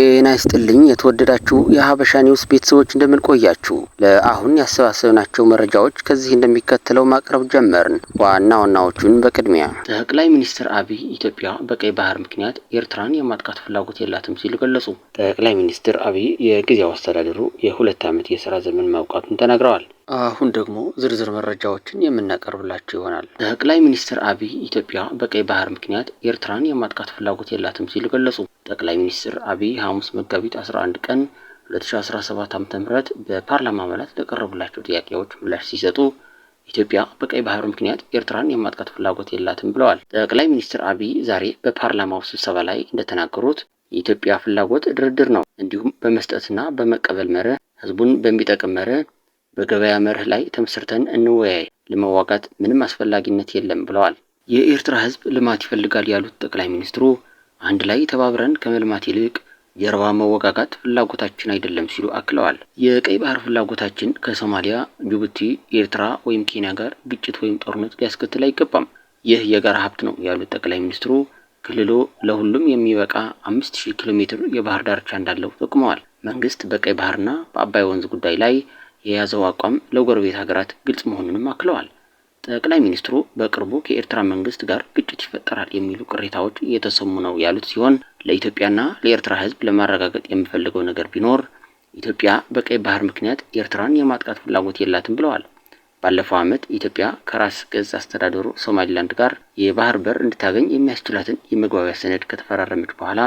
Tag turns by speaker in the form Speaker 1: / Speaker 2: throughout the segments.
Speaker 1: ጤና ይስጥልኝ የተወደዳችሁ የሀበሻ ኒውስ ቤተሰቦች ቆያችሁ? ለአሁን ያሰባሰብናቸው መረጃዎች ከዚህ እንደሚከተለው ማቅረብ ጀመርን። ዋና ዋናዎቹን በቅድሚያ
Speaker 2: ጠቅላይ ሚኒስትር አብይ ኢትዮጵያ በቀይ ባህር ምክንያት ኤርትራን የማጥቃት ፍላጎት የላትም ሲሉ ገለጹ። ጠቅላይ ሚኒስትር አብይ የጊዜያዊ አስተዳደሩ የሁለት ዓመት የስራ ዘመን ማብቃቱን ተናግረዋል።
Speaker 1: አሁን ደግሞ ዝርዝር መረጃዎችን የምናቀርብላችሁ ይሆናል።
Speaker 2: ጠቅላይ ሚኒስትር አብይ ኢትዮጵያ በቀይ ባህር ምክንያት ኤርትራን የማጥቃት ፍላጎት የላትም ሲሉ ገለጹ። ጠቅላይ ሚኒስትር አብይ ሐሙስ መጋቢት 11 ቀን 2017 ዓ ም በፓርላማ አባላት ለቀረቡላቸው ጥያቄዎች ምላሽ ሲሰጡ ኢትዮጵያ በቀይ ባህር ምክንያት ኤርትራን የማጥቃት ፍላጎት የላትም ብለዋል። ጠቅላይ ሚኒስትር አብይ ዛሬ በፓርላማው ስብሰባ ላይ እንደተናገሩት የኢትዮጵያ ፍላጎት ድርድር ነው። እንዲሁም በመስጠትና በመቀበል መርህ፣ ህዝቡን በሚጠቅም መርህ፣ በገበያ መርህ ላይ ተመስርተን እንወያይ፣ ለመዋጋት ምንም አስፈላጊነት የለም ብለዋል። የኤርትራ ህዝብ ልማት ይፈልጋል ያሉት ጠቅላይ ሚኒስትሩ አንድ ላይ ተባብረን ከመልማት ይልቅ ጀርባ መወጋጋት ፍላጎታችን አይደለም ሲሉ አክለዋል። የቀይ ባህር ፍላጎታችን ከሶማሊያ፣ ጅቡቲ፣ ኤርትራ ወይም ኬንያ ጋር ግጭት ወይም ጦርነት ሊያስከትል አይገባም። ይህ የጋራ ሀብት ነው ያሉት ጠቅላይ ሚኒስትሩ ክልሉ ለሁሉም የሚበቃ አምስት ሺህ ኪሎ ሜትር የባህር ዳርቻ እንዳለው ጠቁመዋል። መንግስት በቀይ ባህርና በአባይ ወንዝ ጉዳይ ላይ የያዘው አቋም ለጎረቤት ሀገራት ግልጽ መሆኑንም አክለዋል። ጠቅላይ ሚኒስትሩ በቅርቡ ከኤርትራ መንግስት ጋር ግጭት ይፈጠራል የሚሉ ቅሬታዎች እየተሰሙ ነው ያሉት ሲሆን ለኢትዮጵያና ለኤርትራ ሕዝብ ለማረጋገጥ የምፈልገው ነገር ቢኖር ኢትዮጵያ በቀይ ባህር ምክንያት ኤርትራን የማጥቃት ፍላጎት የላትም ብለዋል። ባለፈው ዓመት ኢትዮጵያ ከራስ ገዝ አስተዳደሩ ሶማሊላንድ ጋር የባህር በር እንድታገኝ የሚያስችላትን የመግባቢያ ሰነድ ከተፈራረመች በኋላ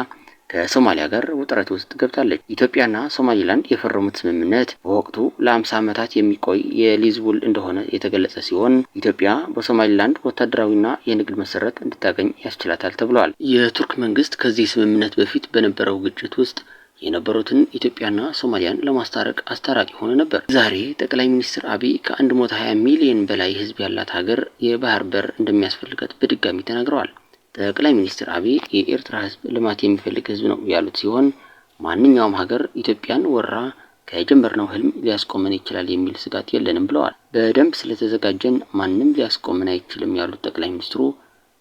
Speaker 2: ከሶማሊያ ጋር ውጥረት ውስጥ ገብታለች። ኢትዮጵያና ሶማሊላንድ የፈረሙት ስምምነት በወቅቱ ለአምሳ ዓመታት የሚቆይ የሊዝ ውል እንደሆነ የተገለጸ ሲሆን ኢትዮጵያ በሶማሊላንድ ወታደራዊና የንግድ መሰረት እንድታገኝ ያስችላታል ተብሏል። የቱርክ መንግስት ከዚህ ስምምነት በፊት በነበረው ግጭት ውስጥ የነበሩትን ኢትዮጵያና ሶማሊያን ለማስታረቅ አስታራቂ ሆነ ነበር። ዛሬ ጠቅላይ ሚኒስትር አብይ ከአንድ መቶ ሀያ ሚሊዮን በላይ ህዝብ ያላት ሀገር የባህር በር እንደሚያስፈልጋት በድጋሚ ተናግረዋል። ጠቅላይ ሚኒስትር አብይ የኤርትራ ህዝብ ልማት የሚፈልግ ህዝብ ነው ያሉት ሲሆን ማንኛውም ሀገር ኢትዮጵያን ወራ ከጀመርነው ህልም ሊያስቆመን ይችላል የሚል ስጋት የለንም ብለዋል። በደንብ ስለተዘጋጀን ማንም ሊያስቆመን አይችልም ያሉት ጠቅላይ ሚኒስትሩ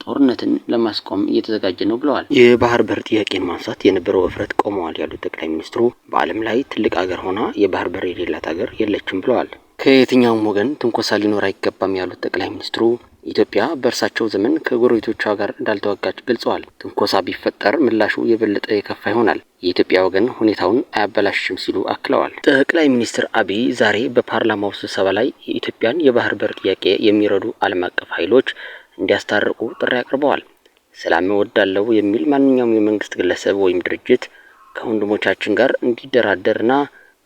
Speaker 2: ጦርነትን ለማስቆም እየተዘጋጀ ነው ብለዋል። የባህር በር ጥያቄን ማንሳት የነበረው እፍረት ቆመዋል ያሉት ጠቅላይ ሚኒስትሩ በዓለም ላይ ትልቅ ሀገር ሆና የባህር በር የሌላት ሀገር የለችም ብለዋል። ከየትኛውም ወገን ትንኮሳ ሊኖር አይገባም ያሉት ጠቅላይ ሚኒስትሩ ኢትዮጵያ በእርሳቸው ዘመን ከጎረቤቶቿ ጋር እንዳልተዋጋች ገልጸዋል። ትንኮሳ ቢፈጠር ምላሹ የበለጠ የከፋ ይሆናል። የኢትዮጵያ ወገን ሁኔታውን አያበላሽም ሲሉ አክለዋል። ጠቅላይ ሚኒስትር አብይ ዛሬ በፓርላማው ስብሰባ ላይ የኢትዮጵያን የባህር በር ጥያቄ የሚረዱ ዓለም አቀፍ ኃይሎች እንዲያስታርቁ ጥሪ አቅርበዋል። ሰላም እወዳለሁ የሚል ማንኛውም የመንግስት ግለሰብ ወይም ድርጅት ከወንድሞቻችን ጋር እንዲደራደርና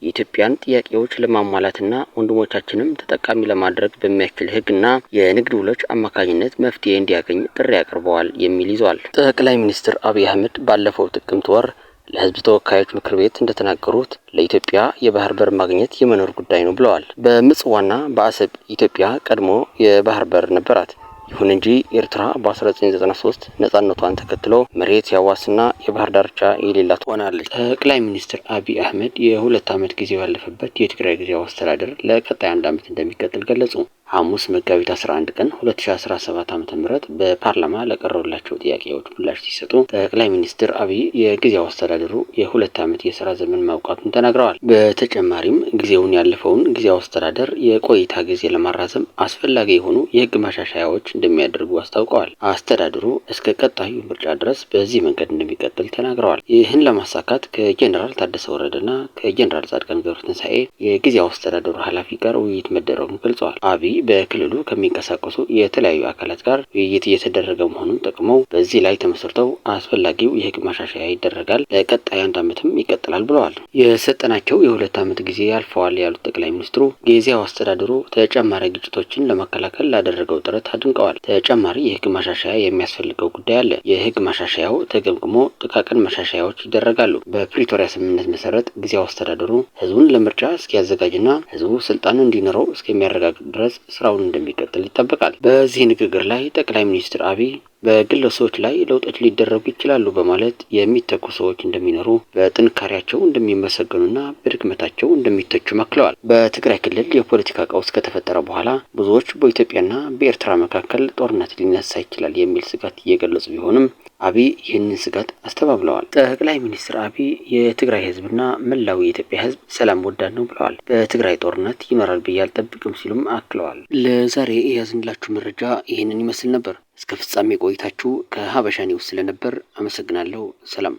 Speaker 2: የኢትዮጵያን ጥያቄዎች ለማሟላትና ወንድሞቻችንም ተጠቃሚ ለማድረግ በሚያስችል ህግና የንግድ ውሎች አማካኝነት መፍትሄ እንዲያገኝ ጥሪ አቅርበዋል የሚል ይዟል። ጠቅላይ ሚኒስትር አብይ አህመድ ባለፈው ጥቅምት ወር ለህዝብ ተወካዮች ምክር ቤት እንደተናገሩት ለኢትዮጵያ የባህር በር ማግኘት የመኖር ጉዳይ ነው ብለዋል። በምጽዋና በአሰብ ኢትዮጵያ ቀድሞ የባህር በር ነበራት። ይሁን እንጂ ኤርትራ በ1993 ነጻነቷን ተከትሎ መሬት ያዋስና የባህር ዳርቻ የሌላት ሆናለች። ጠቅላይ ሚኒስትር አብይ አህመድ የሁለት ዓመት ጊዜ ባለፈበት የትግራይ ጊዜያዊ አስተዳደር ለቀጣይ አንድ ዓመት እንደሚቀጥል ገለጹ። ሐሙስ መጋቢት 11 ቀን 2017 ዓ.ም በፓርላማ ለቀረቡላቸው ጥያቄዎች ምላሽ ሲሰጡ ጠቅላይ ሚኒስትር አብይ የጊዜያዊ አስተዳደሩ የሁለት ዓመት የስራ ዘመን ማውቃቱን ተናግረዋል። በተጨማሪም ጊዜውን ያለፈውን ጊዜያዊ አስተዳደር የቆይታ ጊዜ ለማራዘም አስፈላጊ የሆኑ የህግ ማሻሻያዎች እንደሚያደርጉ አስታውቀዋል። አስተዳደሩ እስከ ቀጣዩ ምርጫ ድረስ በዚህ መንገድ እንደሚቀጥል ተናግረዋል። ይህን ለማሳካት ከጄኔራል ታደሰ ወረደና ከጄኔራል ጻድቃን ገብረትንሳኤ የጊዜያዊ አስተዳደሩ ኃላፊ ጋር ውይይት መደረጉን ገልጸዋል። አብይ በክልሉ ከሚንቀሳቀሱ የተለያዩ አካላት ጋር ውይይት እየተደረገ መሆኑን ጠቅመው በዚህ ላይ ተመስርተው አስፈላጊው የህግ ማሻሻያ ይደረጋል፣ ለቀጣይ አንድ ዓመትም ይቀጥላል ብለዋል። የሰጠናቸው የሁለት ዓመት ጊዜ አልፈዋል ያሉት ጠቅላይ ሚኒስትሩ ጊዜያዊ አስተዳደሩ ተጨማሪ ግጭቶችን ለመከላከል ላደረገው ጥረት አድንቀዋል። ተጨማሪ የህግ ማሻሻያ የሚያስፈልገው ጉዳይ አለ። የህግ ማሻሻያው ተገምግሞ ጥቃቅን ማሻሻያዎች ይደረጋሉ። በፕሪቶሪያ ስምምነት መሰረት ጊዜያዊ አስተዳደሩ ህዝቡን ለምርጫ እስኪያዘጋጅና ህዝቡ ስልጣን እንዲኖረው እስከሚያረጋግጥ ድረስ ስራውን እንደሚቀጥል ይጠበቃል። በዚህ ንግግር ላይ ጠቅላይ ሚኒስትር አብይ በግለሰቦች ላይ ለውጦች ሊደረጉ ይችላሉ በማለት የሚተኩ ሰዎች እንደሚኖሩ፣ በጥንካሬያቸው እንደሚመሰገኑና በድክመታቸው እንደሚተቹ መክለዋል። በትግራይ ክልል የፖለቲካ ቀውስ ከተፈጠረ በኋላ ብዙዎች በኢትዮጵያና በኤርትራ መካከል ጦርነት ሊነሳ ይችላል የሚል ስጋት እየገለጹ ቢሆንም አብይ ይህንን ስጋት አስተባብለዋል። ጠቅላይ ሚኒስትር አብይ የትግራይ ህዝብና መላው የኢትዮጵያ ህዝብ ሰላም ወዳድ ነው ብለዋል። በትግራይ ጦርነት ይኖራል ብዬ አልጠብቅም ሲሉም አክለዋል። ለዛሬ የያዝንላችሁ መረጃ ይህንን ይመስል ነበር። እስከ ፍጻሜ ቆይታችሁ ከሀበሻ ኒውስ ስለነበር አመሰግናለሁ። ሰላም